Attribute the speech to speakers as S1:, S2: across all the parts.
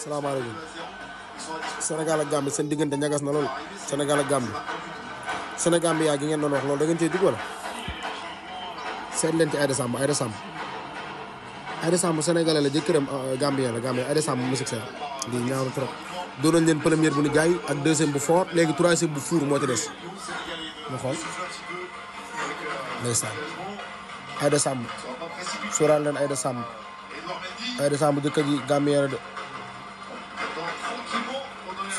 S1: salaamaaleykum Sénégal ak Gambie seen diggante ñagas na lool Sénégal ak Gambie Sénégal gi ngeen doon wax loolu da ngeen cee dugg wala seet leen Samb Aïda Samb Aïda Samb sénégalais la jëkkëram euh, Gambien la Gambien Aïda Samb musique seen lii ñaaw na trop leen première bu nu jaay ak deuxième bu léegi troisième bu fuur moo ci des ma xool ndeysaan Aïda Samb sóoraal leen Aïda Samb Samb jëkkër ji Gambien de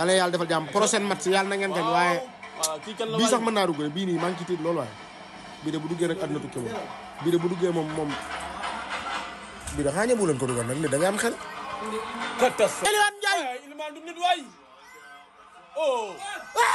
S1: yàlla yàlla defal jàmm prochaine match yàlla na ngeen gañ waaye bii sax mën naa dugg bii nii maa ngi ci tiit loolu waaye bii de bu duggee nag àdduna tukki moom bii de bu duggee moom moom bii de xanaa ñëwu leen ko dugal nag li da nga am xel
S2: Eliane Ndiaye